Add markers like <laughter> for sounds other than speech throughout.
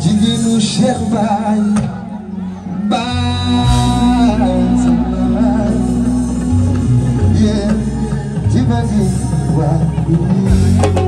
jigéenu Cheikh Baye Baye Samaay yéen ci bëgg waa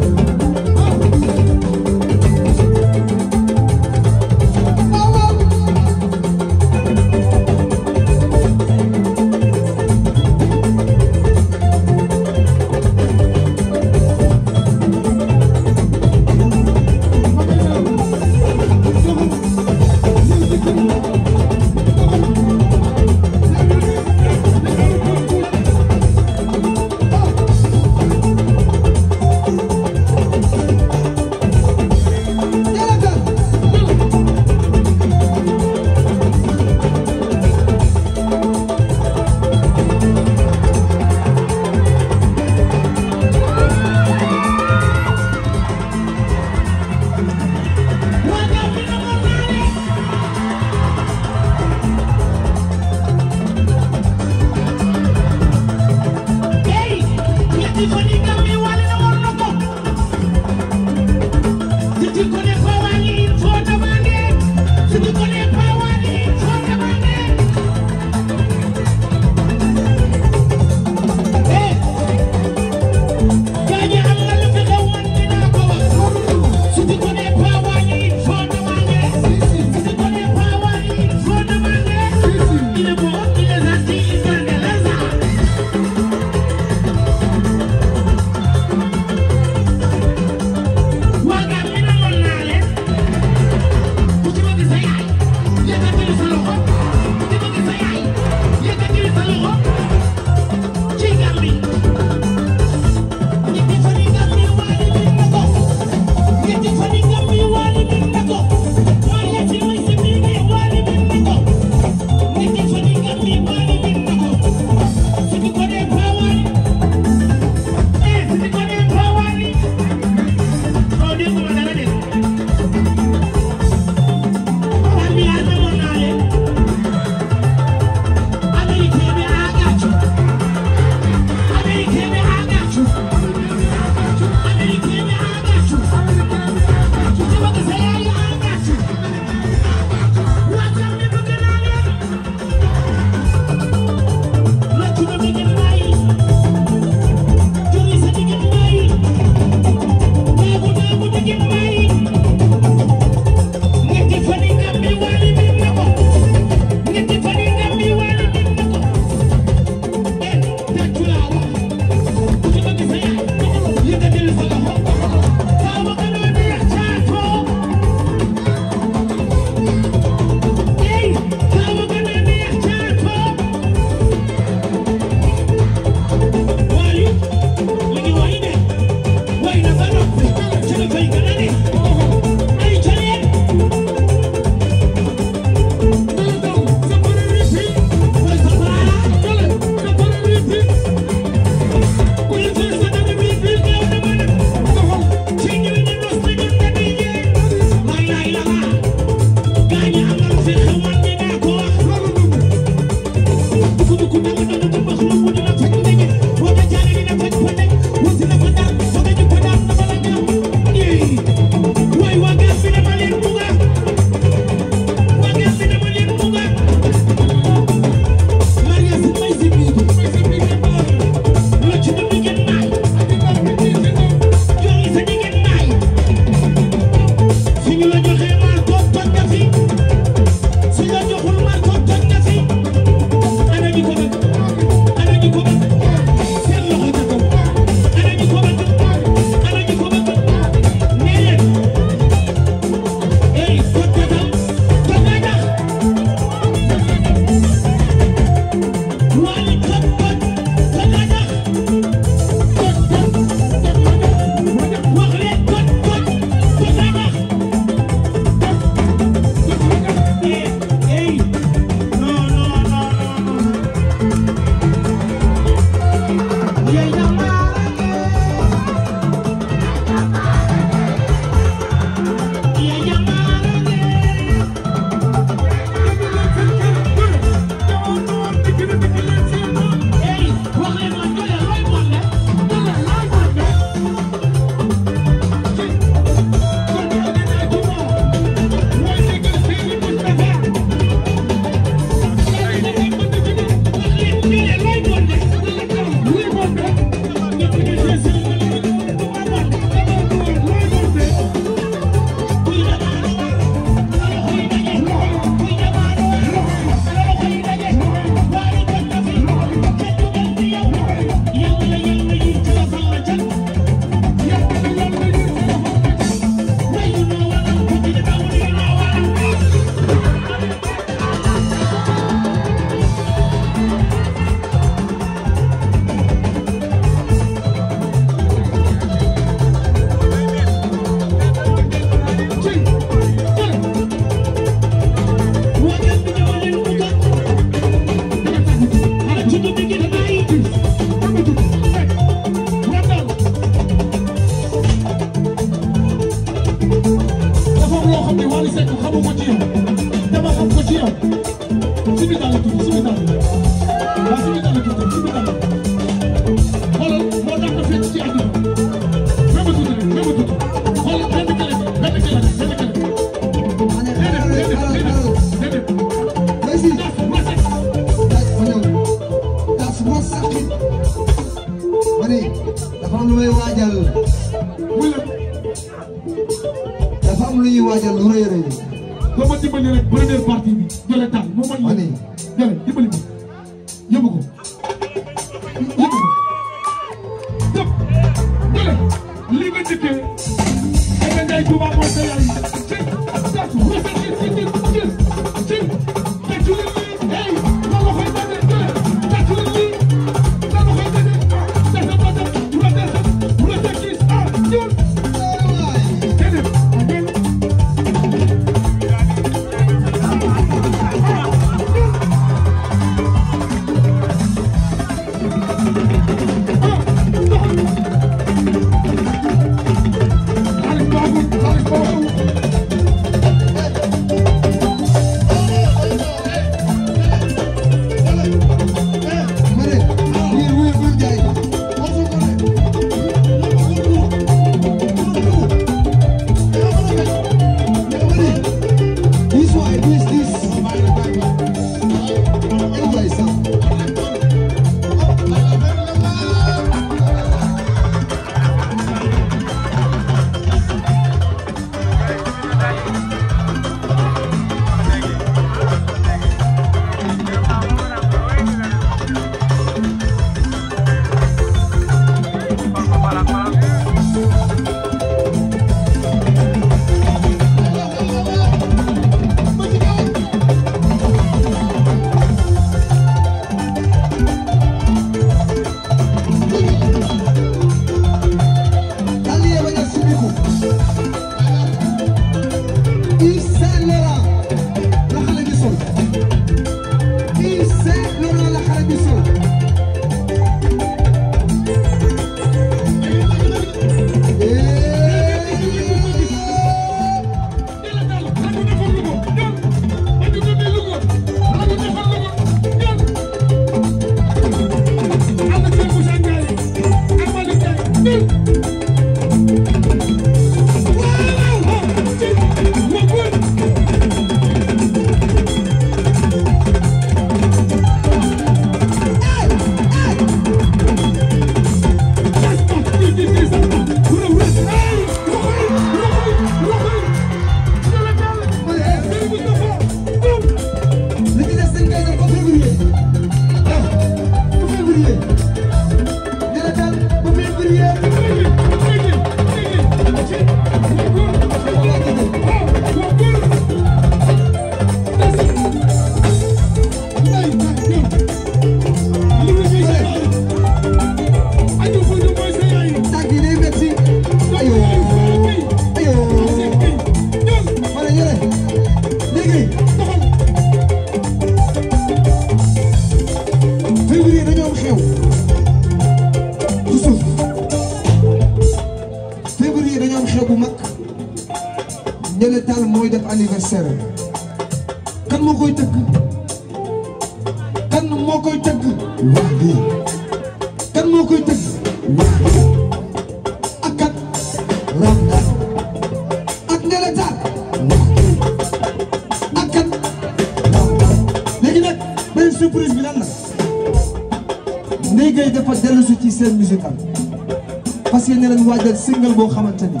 boo xamante ni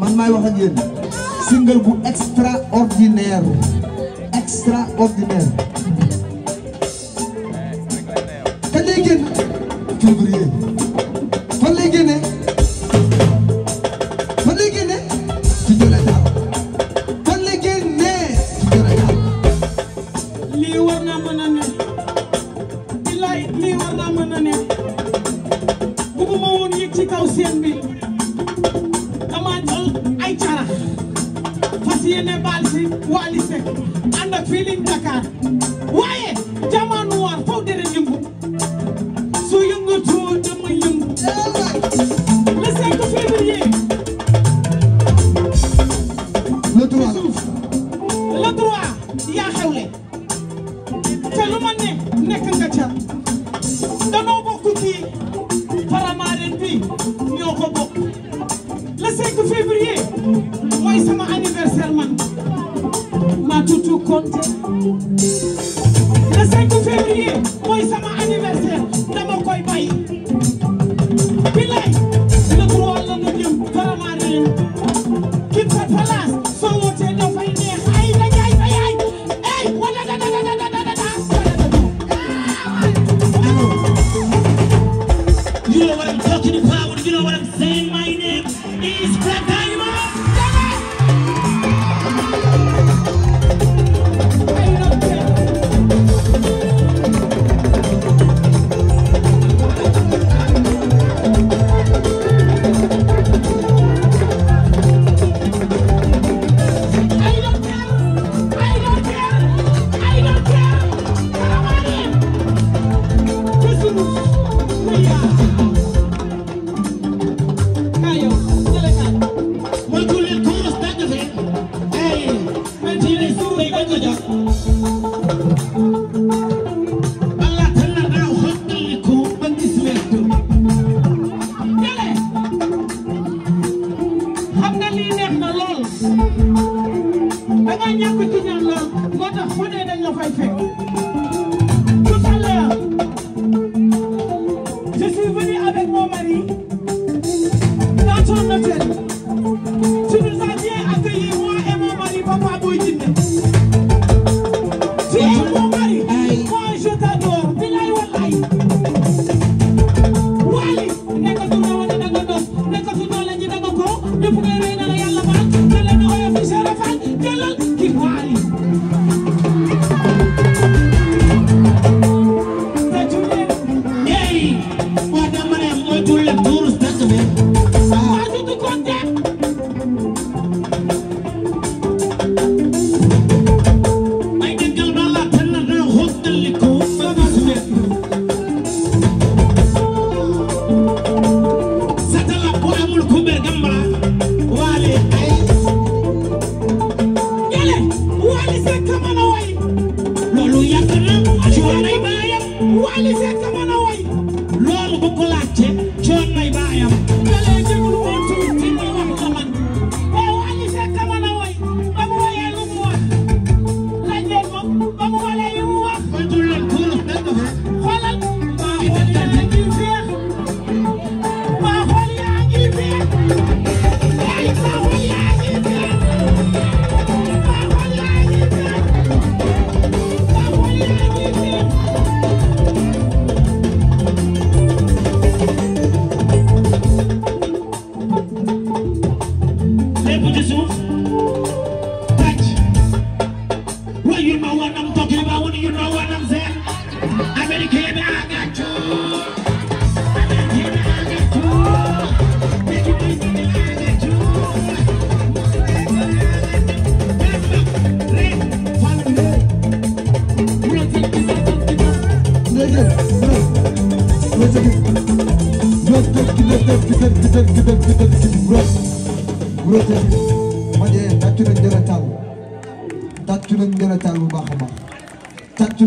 man maay wax ak yéen single bu extraordinaire extraordinaire. fan lay génn février fan lay génnee fan lay génnee ci jële daaw war naa mën a ne bilaay lii war naa mën a ne bëgguma woon yëg ci kaw seen bi. Wally Seck ànd ak Feeling Dakar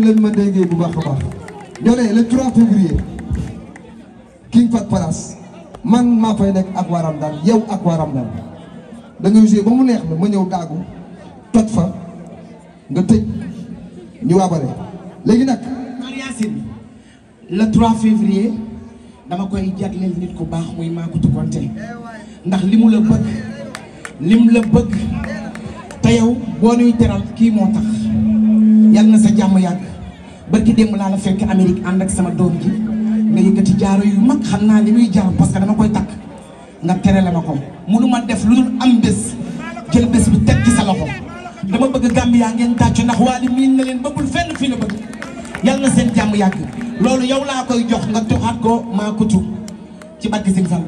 su leen ma déggee bu baax a baax ñoo ne le 3 février King Fahd Palace man maa fay nekk ak waaram daal yow ak waaram daal dañuy joué ba mu neex ma ma ñëw daagu toj fa nga tëj ñu waabare léegi nag Mar Yacine le 3 février dama koy jagleel nit ku baax muy Makout Konté ndax li mu la bëgg lim la bëgg te yow boo nuy teral kii moo tax yal na sa jàmm yàgg barki démb laa la fekk Amérique ànd ak sama doom ji nga ci jaaro yu mag xam naa li muy jar parce que dama koy takk nga tere la ma ko munu ma def lu dul am bés jël bés bi teg ci sa loxo dama bëgg yaa ngeen tàccu ndax waa li miin na leen bëggul fenn fii la bëgg yàlla na seen jàmm yàgg loolu yow laa koy jox nga joxaat ko maa ko ci barki Sëñ Fall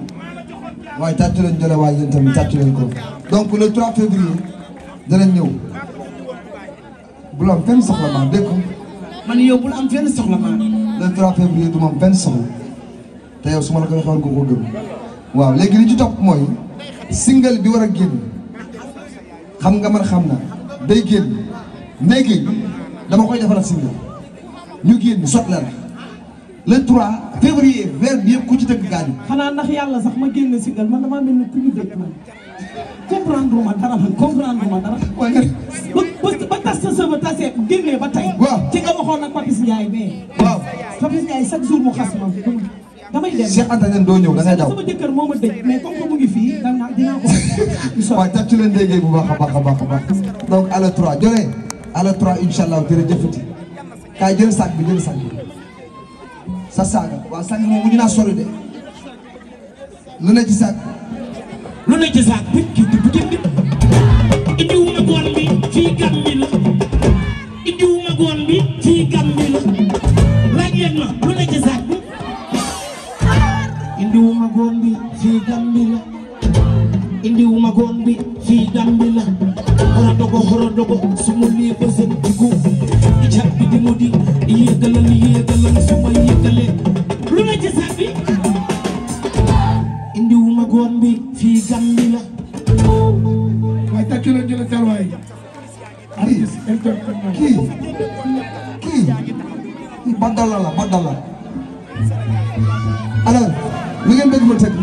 waaye tàccu leen jële waaye yéen tamit tàccu leen ko donc le 3 février danañ ñëw bu la am soxla ma dégg man yow bul am fenn soxla ma le 3 février du ma am benn soxla te yow su la koy xamal ko ko gëm waaw léegi li ci topp mooy single bi war a génn xam nga man xam na day génn léegi dama koy defaral single ñu génn sot la la le 3 février bi yëpp ku ci tëgg gaañu. xanaa ndax yàlla sax ma génn single man damaa mel ni ku ñu dëgg comprendre ma dara man comprendre ma dara. ba tas sa sëb tase génnee ba tey. waaw ci nga waxoon nag Papis Ndiaye mais. waaw Papis Ndiaye chaque jour mu xas ma damay dem Cheikh Anta Niane doo ñëw da ngay daw sama jëkkër moo ma dëj mais comme que mu ngi fii da nga dinaa ko. <laughs> bu baax a baax a baax a baax donc à la 3 jëlee à la 3 incha allah jël sac bi jël sac sa saaga waaw sac bi moom mujj naa sori de lu ne ci sac lu ne ci saak bi ki bu jëndi indiwuma goon bi fii Gàmbi la indiwuma goon bi fii Gàmbi la laaj leen ma lu ne ci saak bi indiwuma goon bi fii Gàmbi la indiwuma goon bi fii Gàmbi la xorodogo xorodogo su ma lii ba seen duggu i car bi di mu di yéegalal yéegalal su ma yéegalee lu ne ci saak bi indiwuma goon bi fii Gàmbi la waaye tàccu leen ñu ne salwaay kii kii kii badala la badala alors lu ngeen bëgg ma teg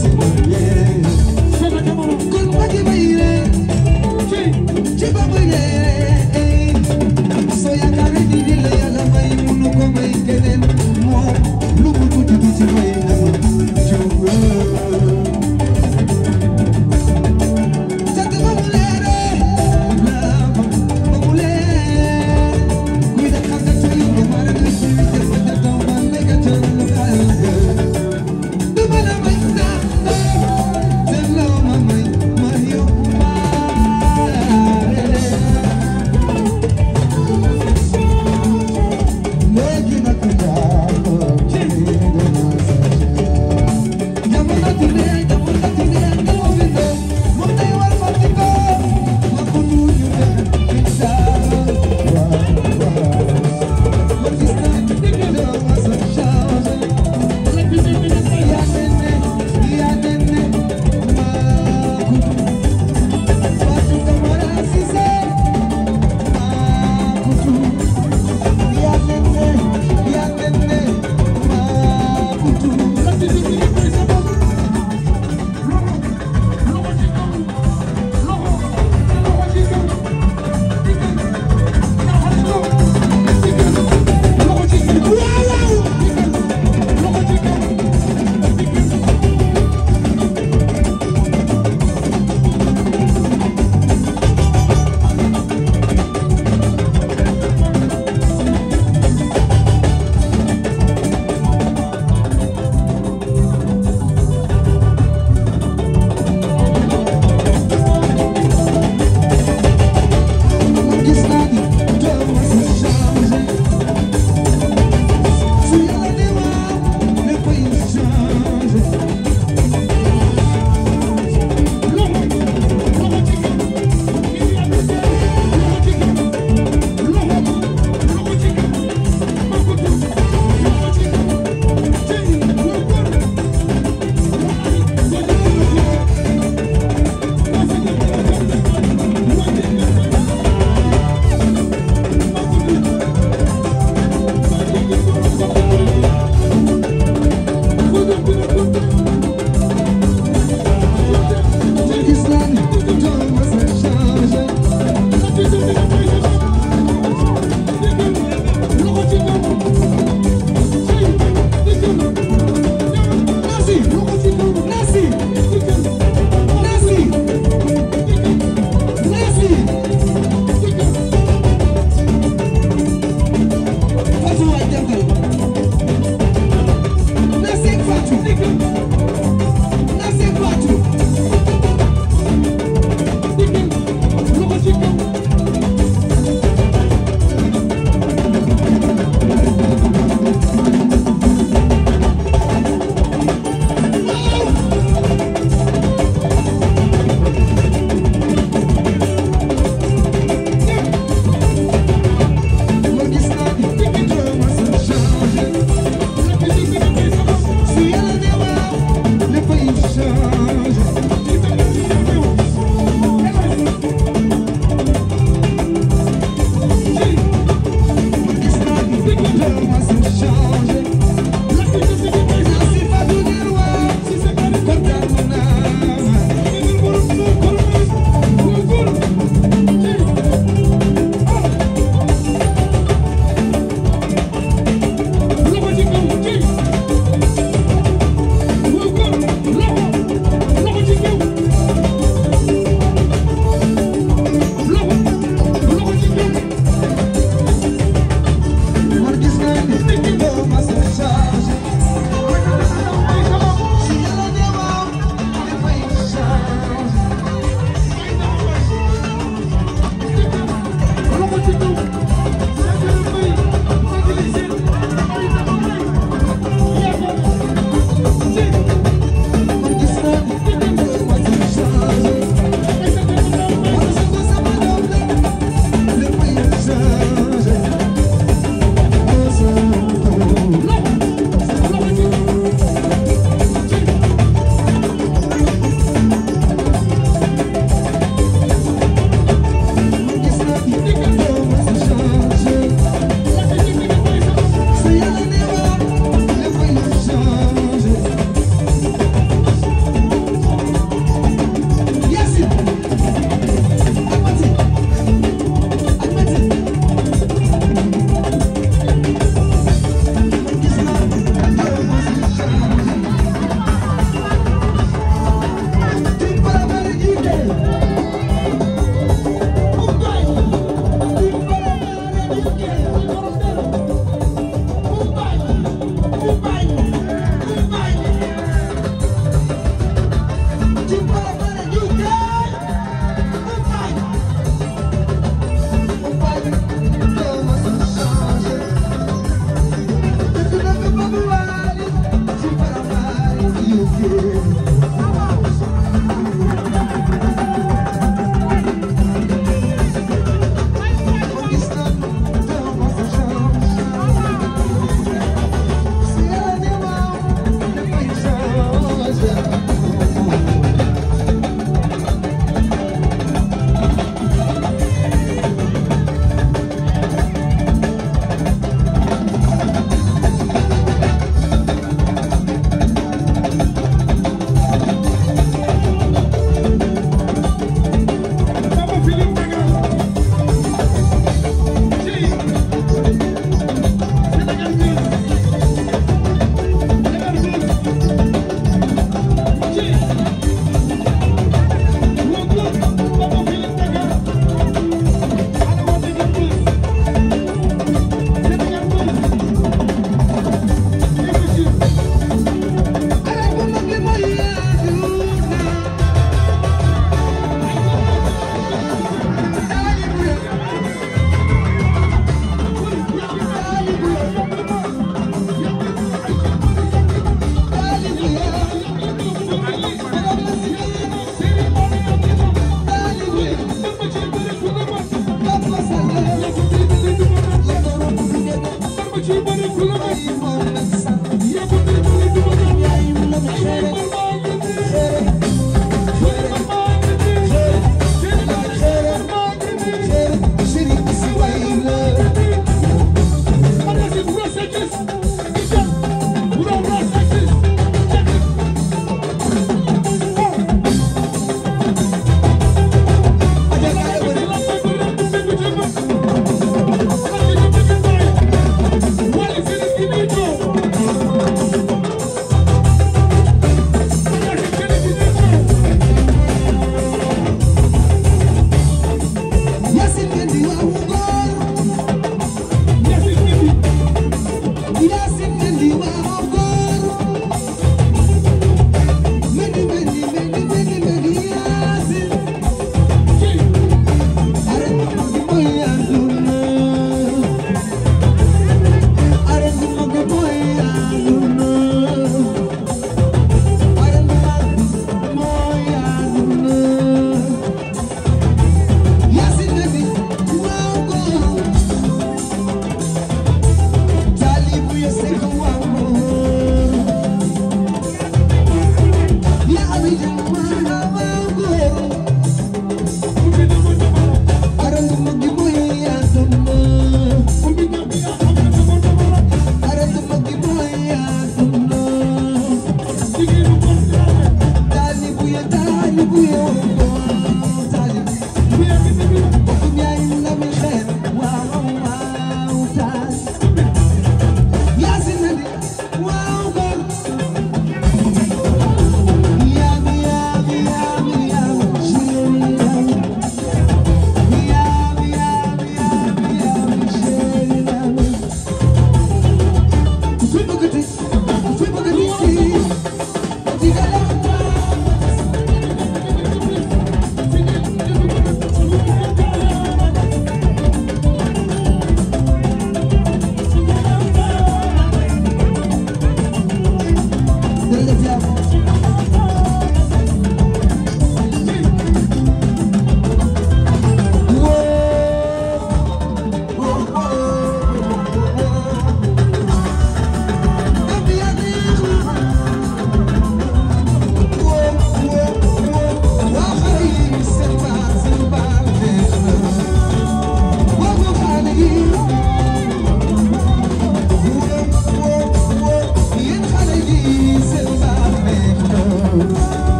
si muy bien.